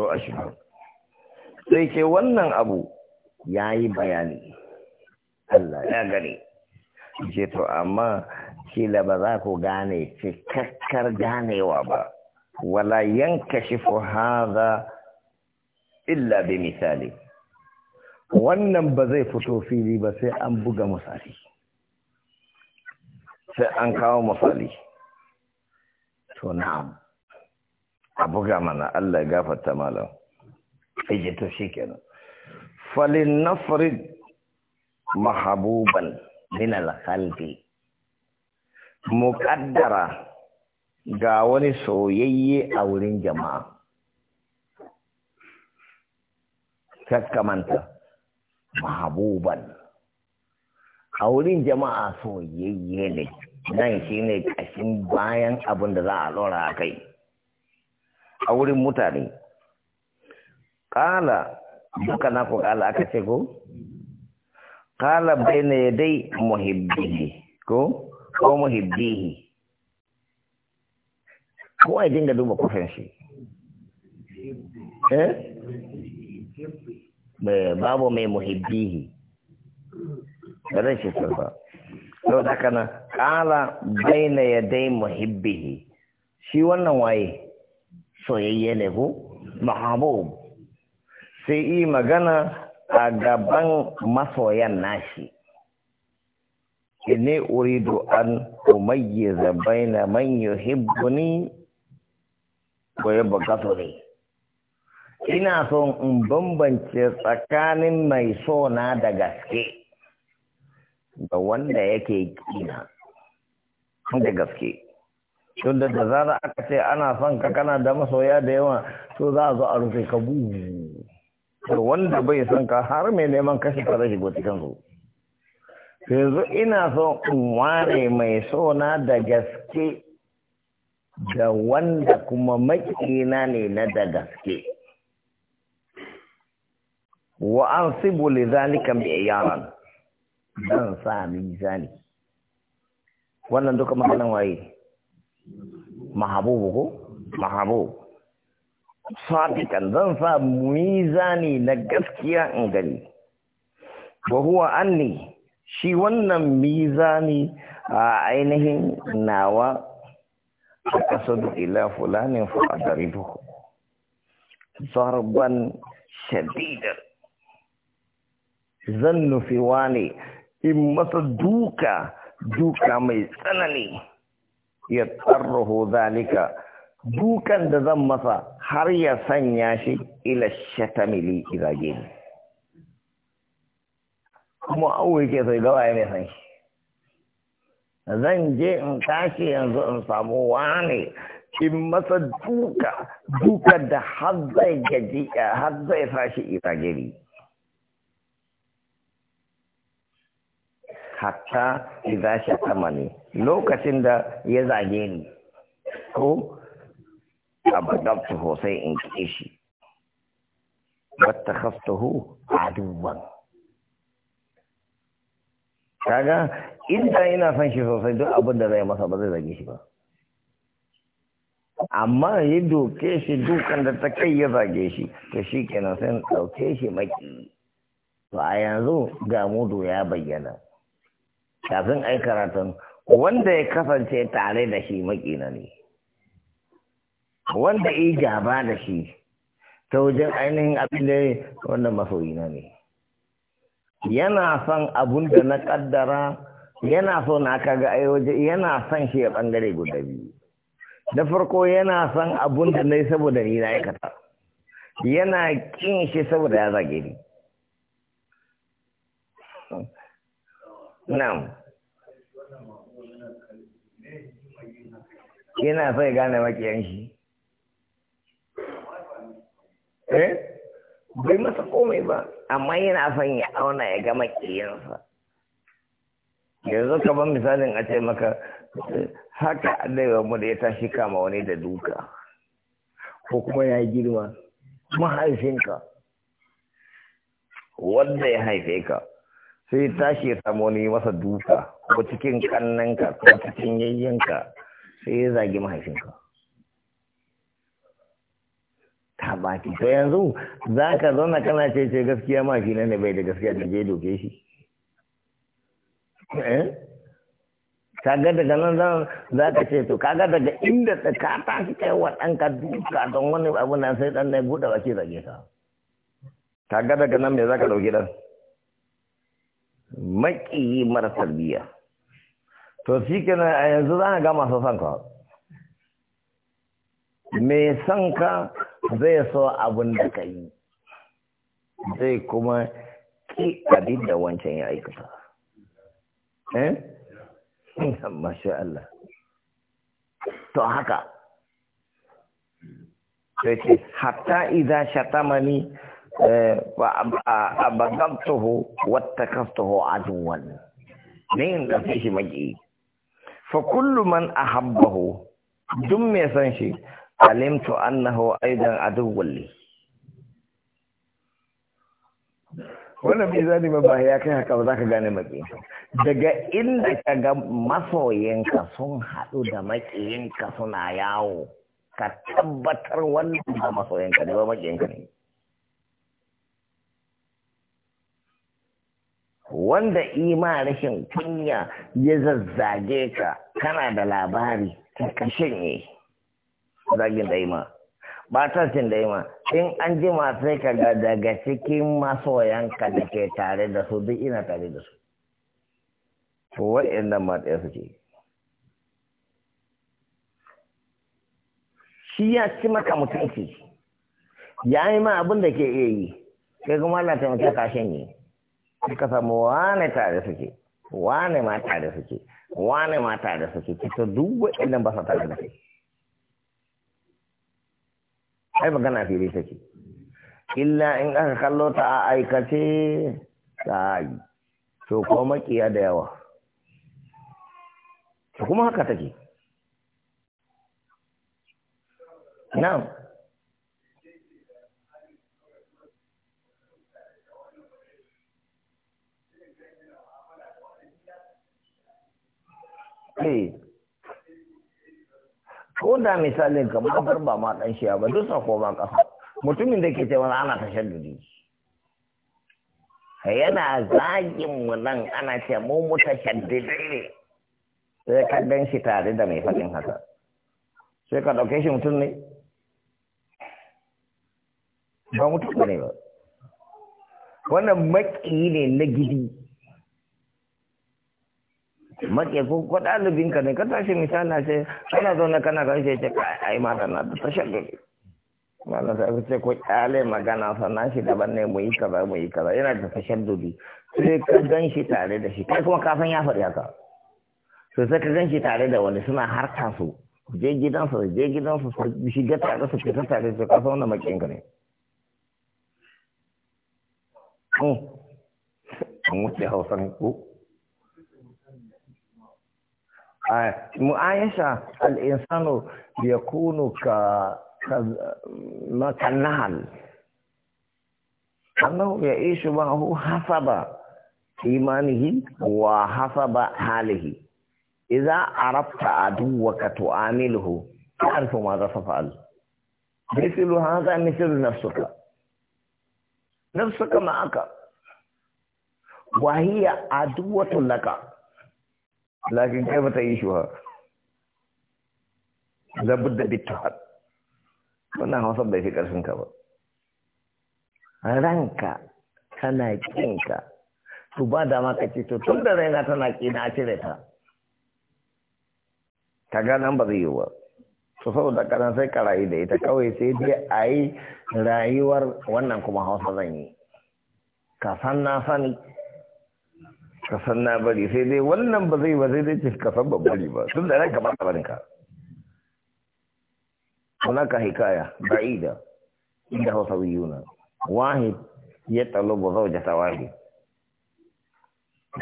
to sai ke wannan abu yayi bayani Allah ya gani ce to amma kila ba za ku gane cikakkar ganewa ba wala yankashifu hadha illa bi misali wannan ba zai fito fili ba sai an buga misali sai an kawo misali to na'am a buga mana Allah ya gafarta malam ije to shikenan falin nafrid mahabuban min al-qalbi muqaddara ga wani soyayye a wurin jama'a kakkamanta mahabuban a wurin jama'a soyayye ne nan shine kashin bayan abin da za a lura a kai a wurin mutane ƙala duka na ku ƙala aka ce ko ƙala bai na ya dai muhibbihi ko ko muhibbihi ko a dinga duba kufin shi eh babu mai muhibbihi shi sarfa sau da kana ƙala bai na ya dai muhibbihi shi wannan waye soyayye ne ko mahabub sai yi magana a gaban masoyan nashi inni uridu an umayyiza baina man yuhibbuni wa ne. ina son in bambance tsakanin mai so na da gaske da wanda yake kina da gaske tunda da zara aka ce ana son ka kana da masoya da yawa to za a zo a rufe ka buhu to wanda bai son ka har mai neman kashe ka zai kan cikin yanzu ina so in ware mai sona da gaske da wanda kuma makina ne na da gaske wa an sibu li zalika bi yaran dan sa zani. wannan duka maganan waye mahabubu ko mahabubu sadiqan zan sa mizani na gaskiya in gani wa huwa anni shi wannan mizani a ainihin nawa akasadu ila fulanin fa adribuhu zarban shadidan zan nufi wani in masa duka duka mai tsanani Ya tsarruhu zalika dukan da zan masa har ya sanya shi ila shatamili izage ne kuma aure ke sai gaba ya mai san zan je in tashi yanzu in samu wane in masa duka duka da har zai gaji har zai sa shi izage ne hatta idza shatama ne lokacin da ya zage ni ko abadabtu hosai in kishi shi a duban kaga inda ina son shi sosai duk abin da zai masa ba zai zage shi ba amma ya doke shi dukan da ta kai ya zage shi ta shi kenan sai ɗauke shi maki to a yanzu ga mudu ya bayyana kafin a yi karatun wanda ya kasance tare da shi makina ne wanda yi gaba da shi ta wajen ainihin abin da wanda masoyina ne yana son abun da na kaddara yana so na kaga yi waje yana son shi ya bangare guda biyu da farko yana son abun da na yi saboda ni na aikata yana kin shi saboda ya zage ni na'am yana so ya gane maƙiyan shi eh bai masa komai ba amma yana son ya auna ya ga makiyansa yanzu ka ban misalin a ce maka haka allaiwa mu da ya tashi kama wani da duka ko kuma ya girma mahaifinka wanda ya haife ka sai tashi ya samu wani masa duka ko cikin kannanka ko cikin yayyanka sai ya zagi mahaifinka ta baki to yanzu za ka zauna kana ce ce gaskiya mafi na ne bai da gaskiya da je doke shi eh? ga daga nan za ka ce to kaga daga inda ka tashi kai wa ka duka don wani abu na sai ɗan na buɗe wace zage ka ka ga daga nan me za ka ɗauki ɗan maƙiyi mara tarbiyya to shi kenan a yanzu za a masu son ka mai son ka zai so abin da ka yi zai kuma ki abin da wancan ya aikata eh masha Allah to haka sai ce hatta idza shatamani eh, wa abagabtuhu wattakastuhu adwan ne in da shi magi fa kullu man ahabbahu duk mai san shi alimtu annahu aidan aduwwal li wannan bai zani ba ba ya kai haka ba za ka gane maƙiyinka daga inda ka ga masoyinka sun haɗu da maƙiyinka suna yawo ka tabbatar wannan ba masoyinka ne ba maƙiyinka ne wanda ima rashin kunya ya zazzage ka kana da labari ta kashin ne zagin daima ba ta cin daima in an ji sai ka daga cikin masu masoyanka da ke tare da su duk ina tare da su to wa'in nan ma ɗaya suke shi ya ci maka mutunci ya yi ma abin ke iya yi sai kuma Allah ta kashin ne. suka samu wane tare suke wane ma tare suke wane ma tare suke kita duk waɗannan ba sa tare da kai ai magana fili take illa in aka kallo ta a aikace ta yi to ko makiya da yawa kuma haka take na'am eh ko da misalin ga bar ba ma dan shiya ba duk sako ba kafa mutumin da ke cewa ana tashar tashaddudi yana zagin mu nan ana ce mu mutashaddidai ne sai ka dan shi tare da mai faɗin haka sai ka dauke shi mutum ne ba mutum ne ba wannan maƙiyi ne na gidi mace ko ko ɗalibinka ne ka tashi misali ce kana na kana kan ce ka ai mata na ta shagari mana sai ka ce ko ale magana fa na shi ban ne mu yi kaza mu yi kaza yana da tashaddudi sai ka gan shi tare da shi kai kuma ka san ya faɗi haka sai sai ka gan shi tare da wani suna harka su je gidansu je gidansu su ga tare su fita tare su ka san wannan ka ne an wuce hausan ku mu aisha al'insano ya kunu ka makanahal annahu ya ishi ba hu hasaba imanihi wa hasaba halihi idza arafta aduwaka tu'amiluhu ta'rifu ma za fa'al مثل هذا مثل نفسك نفسك معك وهي عدوة لك lakin kai ta yi shuha labudda bittuhat wannan hausar bai fi karfin ka ba ranka tana kinka to ba dama ka ce to tun da raina tana kina a cire ta ka ga ba zai yi ba su saboda karan sai ka rayu da ita kawai sai dai a yi rayuwar wannan kuma hausa zan yi ka san na sani كسرنا na سيدي ولنم dai wannan ba zai ba zai dai ce kasan ba bari ba tun da ranka ba barin ka هناك حكاية بعيدة عنده صبيون واحد يطلب زوجة واحد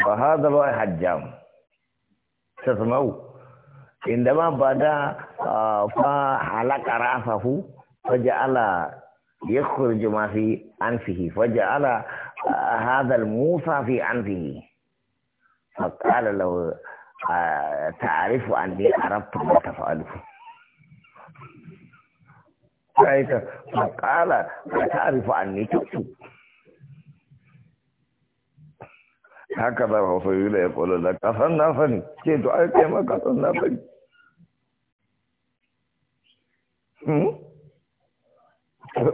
فهذا الواحد حجام تسمعوا عندما بدا فحلق رأسه فجعل يخرج ما في أنفه فجعل هذا الموسى في أنفه فقال لو تعرف أني عرفت ما تفعله فقال تعرف أني تكتب هكذا الرسول يقول لك أصلنا فني كيف تعرف ما أصلنا فني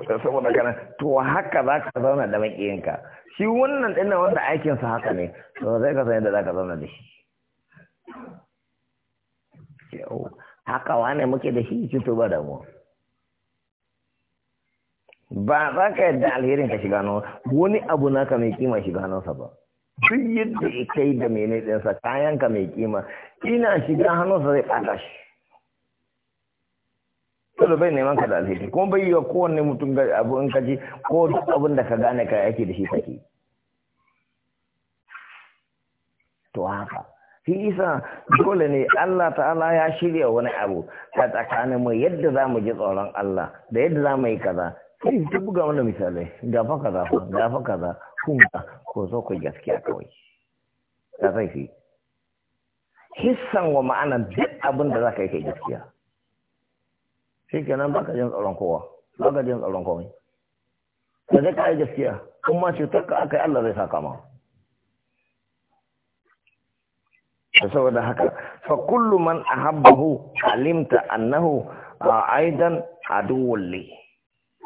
saboda kana to haka za ka zauna da maƙiyinka shi wannan ɗin wanda sa haka ne to zai ka san yadda za ka da shi haka wane muke da shi tuba ba damuwa ba za ka yadda alherin ka shiga nan wani abu na ka mai kima shiga nan sa ba duk yadda kai da mene ɗinsa kayan ka mai kima ina shiga hannunsa zai ɓata shi Tulu bai neman ka da alheri kuma bai yi wa kowanne mutum abu in kaji ko duk abin da ka gane ka yake da shi kake. To haka. Shi isa dole ne Allah ta'ala ya shirya wani abu a tsakanin mu yadda za mu ji tsoron Allah da yadda za mu yi kaza. Sai ta buga mana misalai ga fa kaza ga fa kaza ka ko zo ku gaskiya kawai. Ka zai fi. Hissan wa ma'ana duk abin da za ka yi kai gaskiya. shi kenan baka jin tsoron kowa baka jin tsoron komai da zai ka yi gaskiya kuma cutar ka aka yi Allah zai saka ma da saboda haka fa kullu man ahabbahu alimta annahu aidan aduwwun li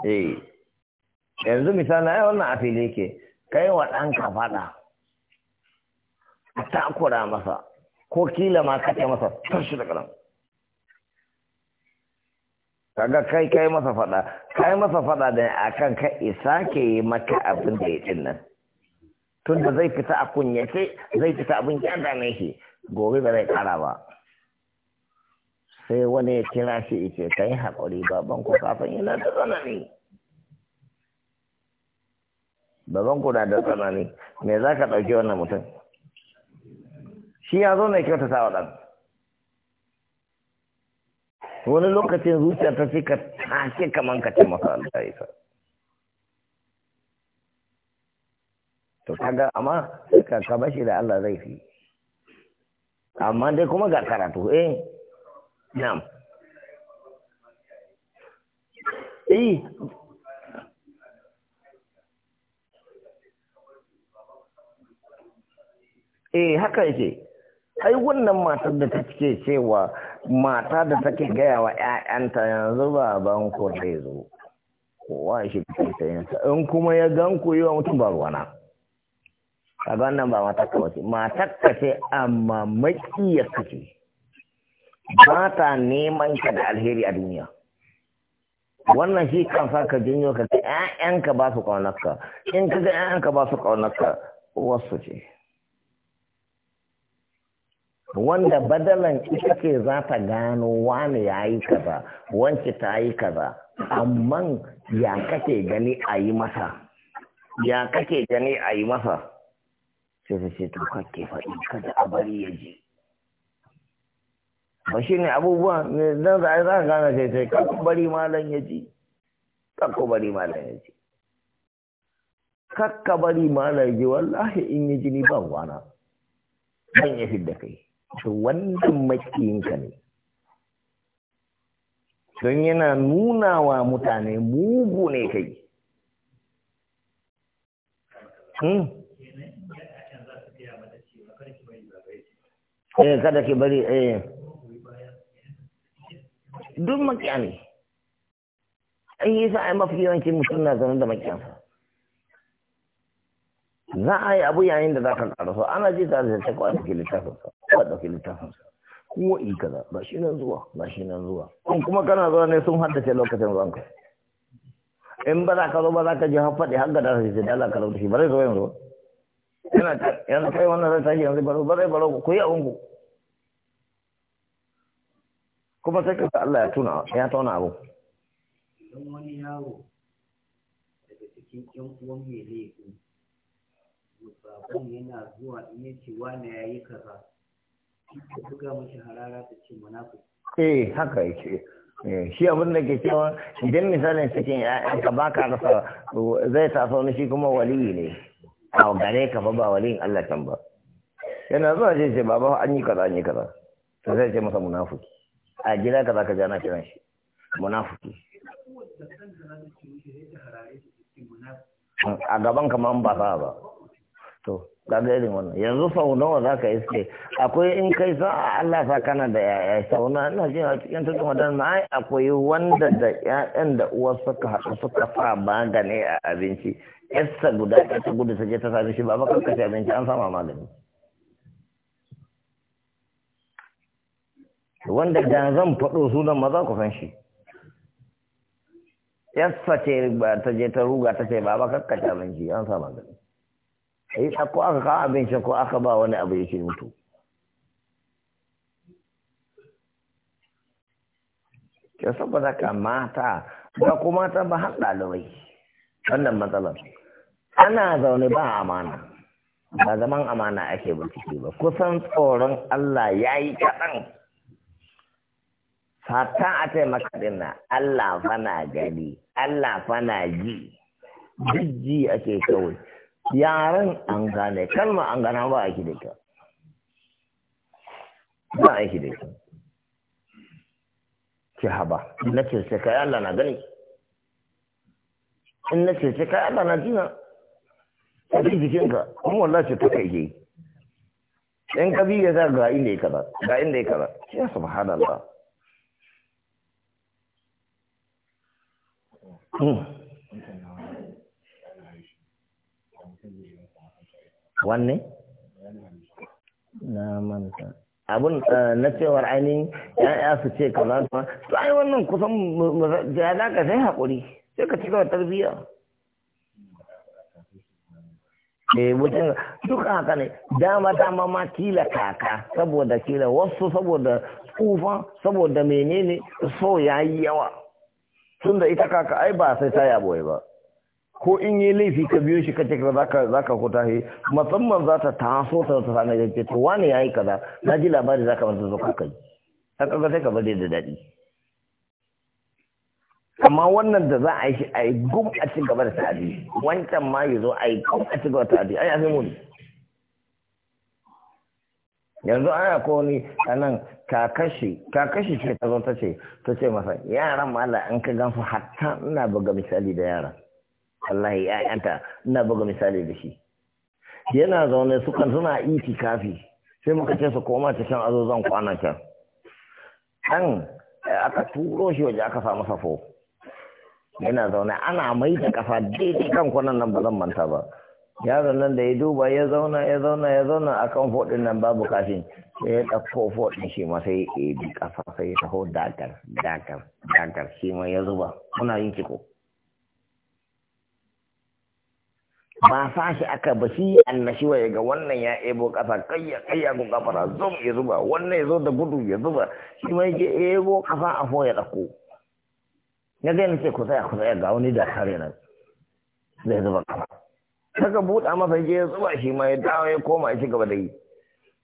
eh yanzu misali ai wannan a fili yake kai wa ɗanka faɗa takura masa ko kila ma kace masa tashi da nan kaga kai kai masa fada kai masa fada da akan ka isa ke yi maka abin da ya nan tun da zai fita a kunyace zai fita abin ya dame shi gobe ba zai kara ba sai wani ya kira shi ice kai haƙuri baban ku kafin yana da tsanani baban ku na da tsanani me za ka ɗauki wannan mutum shi ya zo ne kyautata wa ɗan wani lokacin zuciya ta sai ka tashi kaman ka ce masa Allah ya to kaga amma ka ka bashi da Allah zai fi amma dai kuma ga karatu eh na'am eh eh haka yake ai wannan matar da ta cike cewa mata da take gaya wa ƴaƴanta yanzu ba ban ku zai zo, kowa shi fitayensa, in kuma ya gan ku yi wa mutum ba ruwana. Kaga wannan ba ka wace, ka ce amma maƙiyarka ce, ba ta neman ka da alheri a duniya. Wannan shi kan sa ka janyo ka ga ƴaƴanka ba su ƙaunarka, in ka ga ƴaƴanka ba su ƙaunarka, wasu ce. wanda badalan ita ce za ta gano wane ya yi kaza wance ta yi kaza amma ya kake gani a yi masa ya kake gani a yi masa sai su ce to kake faɗi kada a bari ya ji ba shi ne abubuwan don za a za a gane sai sai kakku bari malam ya ji kakku bari malam ya ji kakka bari malam ya ji wallahi in ya ji ni ban wana ban ya fi da kai to wannan makiyinka ne don yana nuna wa mutane mugu ne kai hmm? eh kada ki bari eh duk makiya ne ai yasa ai mafi yawancin mutum na zaune da makiyansa za a yi abu yayin da za ka so ana ji da zai kawai ɗauki da kawai ɗauki littafinsa kuma in kaza ba shi nan zuwa ba shi nan zuwa in kuma kana zuwa ne sun haddace lokacin zuwan ka in ba za ka zo ba za ka ji har faɗi har gada sai da Allah ka rubuta shi ba zai zo yanzu yana yanzu kai wannan zai tashi yanzu baro ba zai baro ku yi abun ku kuma sai ka Allah ya tuna ya tauna abu wani yaro daga cikin ƴan uwan mai laifi abun yana zuwa in ya ce wane ya yi kaza ka buga mashi harara ta ce munafiki eh haka yake eh, shi abin da ke cewa idan misalin cikin ka baka rasa zai taso ni shi kuma wali ne a gare ka ba ba waliyin Allah can ba yana zuwa ce ce baba an yi kaza an yi kaza Sai zai ce masa munafiki a gida kaza ka jana kiran shi munafiki a gaban kamar ba ba to kaga irin wannan yanzu sau nawa za ka iske akwai in kai sa'a Allah sa kana da yaya sau na ina jin a cikin tuka madana na ai akwai wanda da ƴaƴan da uwar suka haɗu suka sa magani a abinci yasa guda ɗaya ta gudu ta je ta sami shi ba baka kashe abinci an sama magani wanda da zan faɗo sunan maza ku san shi yasa ce ba ta je ta ruga ta ce ba ba kashe abinci an sama magani yi ko aka kawo abincin ko aka ba wani abu yake mutu ke saboda ka mata ba ku mata ba har ɗalibai wannan matsalar ana zaune ba amana ba zaman amana ake ba ciki ba kusan tsoron Allah ya yi kaɗan fatan a taimaka dinna Allah fana gani Allah fana ji jijji ji ake kawai yaren an gane kalma an gana ba a da ita ba a da ita ki haba na ce sai kai Allah na gani in na ce sai kai Allah na jina a cikin jikinka kuma wallahi ce ta kai ke in ka biya za ga inda ya kaza ga inda ya kaza ya subhanallah Hmm. wanne na manta abun eh, na cewar ainihin ya'ya su ce kaza to ai wannan kusan ya za ka sai haƙuri sai ka cika tarbiyya eh, mutum duka haka ne dama ta ma kila kaka saboda kila wasu saboda tsufa saboda menene so ya yi yawa tunda ita kaka ai ba sai ta yaboye ba ko in yi laifi ka biyo shi kace ka zaka zaka huta he musamman za ta taso ta ta sana yace to wani yayi kaza na ji labari zaka manta zo ka kai an kaga sai ka bade da dadi amma wannan da za a yi shi a yi gum a ci gaba da ta'adi wancan ma ya zo a yi gum a cikin gaba da ta'adi ai fi muni yanzu ana ko ni nan kakashi kakashi ce ta zo ta ce ta ce masa yaran Allah an ka su hatta ina buga misali da yaran wallahi ƴaƴanta ina buga misali da shi yana zaune su kan suna itikafi sai muka ce su koma ta can azo zan kwana can an eh, aka turo shi waje aka samu safo yana zaune ana mai da kafa daidai kan kwanan nan ba zan manta ba yaron nan da ya duba ya zauna ya zauna ya zauna a kan fodin nan babu kafin sai ya ɗauko fodin shi ma sai ya bi kafa sai ya taho dakar dakar dakar shi ma ya zuba muna yin kiko ba sa shi aka ba shi annashiwa wa ga wannan ya ebo kasa kai ya kuka kafara zum ya zuba wannan ya zo da gudu ya zuba shi mai ke ebo kasa a fo ya dako na zai ce ku tsaya ku tsaya ga wani da kare nan zai zuba kasa saka buɗa masa je ya zuba shi ma ya dawo ya koma shi gaba da yi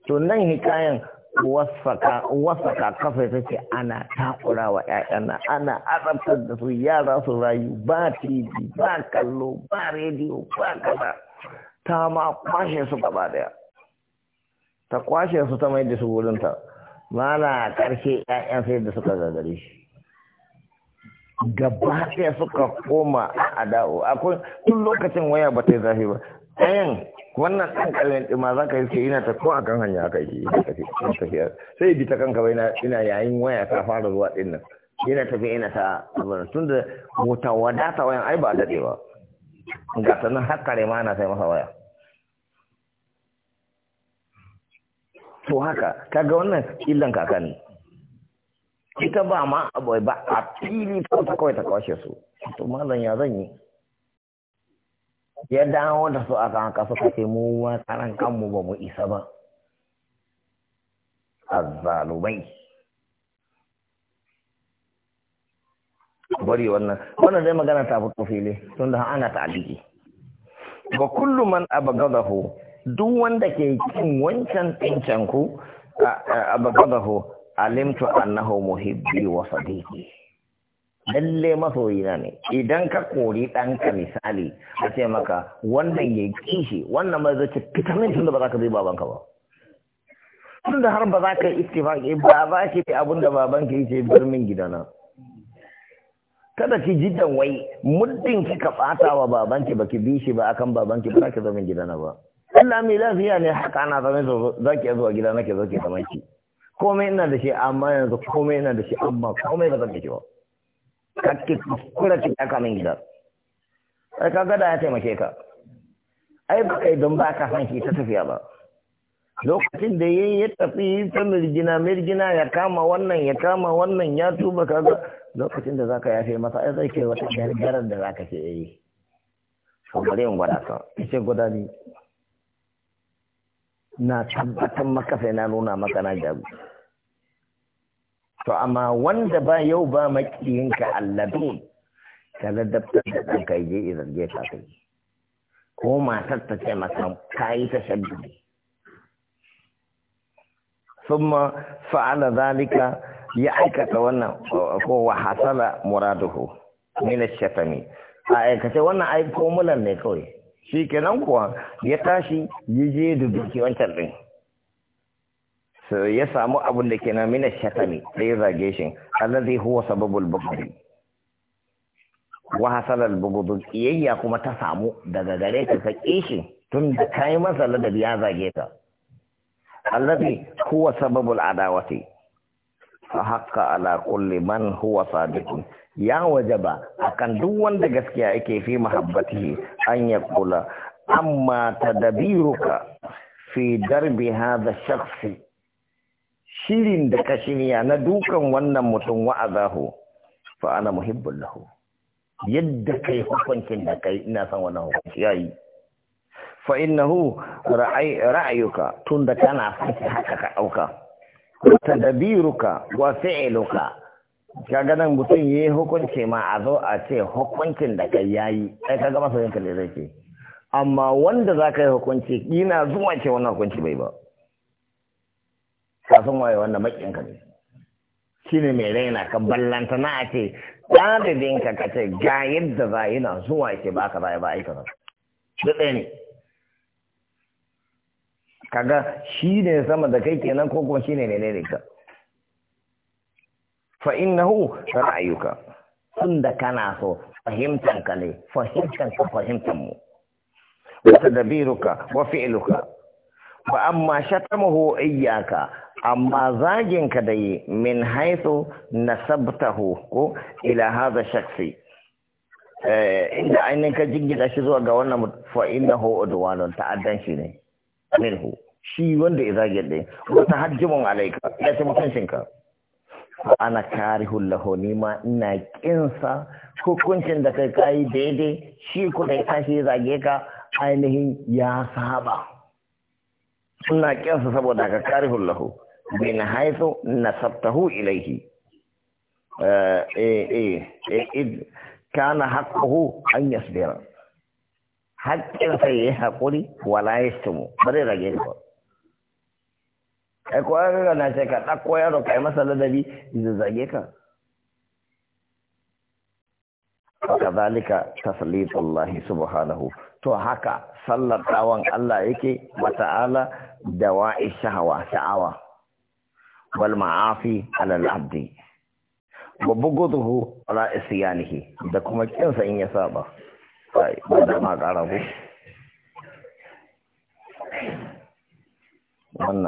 to nan hikayen wasaka kafa ta ce ana takura wa ‘ya'yana ana azabtar da su yara su rayu ba tv ba kallo ba rediyo ba kaza ta ma kwashe su gaba daya ta kwashe su ta mai da su wurinta mana karshe ‘ya'yan sai da suka gagare shi gaba daya suka koma a da'o akwai tun lokacin waya ba ta yi zafi ba ɗayan wannan ɗan ƙalin ɗima za ka yi suke yana ta ko a kan hanya aka yi tafiya. sai bi ta kanka bai ina yayin waya ta fara zuwa ɗin nan yana tafi yana ta abin tun da wuta wadata wayan ai ba a daɗe ba ga sannan har kare ma na sai masa waya to haka ka ga wannan illan kaka ne ita ba ma abuwa ba a fili ta kawai ta kawashe su to malam ya zan yi ya dawo da su a kan kasu kake mu wa karan kanmu ba mu isa ba zalubai bari wannan wannan zai magana ta fito fili tun da ana ta'aliki ba kullu man abagadahu duk wanda ke kin wancan tsincan ku abagadahu alimtu annahu muhibbi wa sadiqi lalle masoyina ne idan ka kori ɗanka misali a ce maka wannan ya kishi wannan ma zai ce ne tun da ba za ka zai babanka ba tun da har ba za ka yi istifaki ba ba ke abin da babanka ce birnin gidana kada ki dan wai muddin ka bata wa babanki baki bi shi ba akan babanki ba ki zama gidana ba Allah mai lafiya ne haka ana zama zaki zuwa gidana ke zo ki zama ki komai ina da shi amma yanzu komai ina da shi amma komai ba zan ki ba shiga cikin kuskura ki aka min gida ka gada ya taimake ka ai ba kai don ba ka san shi ta tafiya ba lokacin da yayi ya tafi ta mirgina mirgina ya kama wannan ya kama wannan ya tuba ka ga. lokacin da zaka yafe masa ai zai ke wata gargarar da zaka ce yayi to bari in gwada ka Ice gwada ni na tabbatar maka sai na nuna maka na jaru to amma wanda ba yau ba makiyinka alladun, ka ladabtar da ɗanka je izarge ka kai ko matar ta ce masa ka yi ta shaddadi summa fa'ala zalika ya aikata wannan ko wa hasala muraduhu min ash-shatami a aikace wannan ai formulan ne kawai kenan kuwa ya tashi ya je da duki wancan din so ya samu abin da ke na mina shatami da ya zage shi allazi huwa sababul bukhari wa hasalal bughd iyayya kuma ta samu daga gare ta ka kishi tun da kai masa ladabi ya zage ta allazi huwa sababul adawati fa haqqa ala kulli man huwa sadiqun ya wajaba akan duk wanda gaskiya yake fi mahabbatihi an yaqula amma tadabiruka fi darbi hadha shakhsi shirin da ka shirya na dukan wannan mutum wa'azahu fa ana muhibbul lahu yadda kai hukuncin da kai ina son wannan hukunci yayi fa innahu ra'ay ra'ayuka tunda kana fata haka ka dauka tadbiruka wa fi'luka kaga nan mutum yayi hukunci ma a zo a ce hukuncin da kai yayi sai kaga masa yanka zai ce amma wanda za ka yi hukunci ina zuwa ce wannan hukunci bai ba kafin waye wanda ka ne shi ne mai raina ka ballanta na a ce ka ce ga yadda za yi na zuwa ke ba ka ba aika ba da ɗaya ne kaga shi ne sama da kai kenan ko kuma shi ne ne ne ka fa innahu ra'ayuka tunda kana so fahimtan ka ne fahimtan ka fahimtan mu wa tadbiruka wa fi'luka wa amma shatamuhu iyyaka amma zagin ka da yi min haithu nasabtahu ko ila hadha shakhsi eh, inda ainihin ka jingina shi zuwa ga wannan fa innahu udwanun ta'addan shi ne minhu shi wanda ya zage din wata hajjimun alaika ya ce shinka ana karihul lahu nima ina kinsa hukuncin da kai kai daidai shi kuma ya tashi zage ka ainihin ya saba ina kinsa saboda ka kari lahu من حيث نسبته إليه آه، إيه، إيه، إيه، إذ كان حقه أن يصبر حق في حقه ولا يشتم بري رجل أكو أكو ناسك أكو يا رب كما سلدا لي إذا زعيك وكذلك تسليط الله سبحانه تو حقا صلى الله عليه وتعالى دواء الشهوة شعوة wal ma'afi alal abdi wa bughduhu ala isyanihi da kuma kinsa in ya saba sai da ma wannan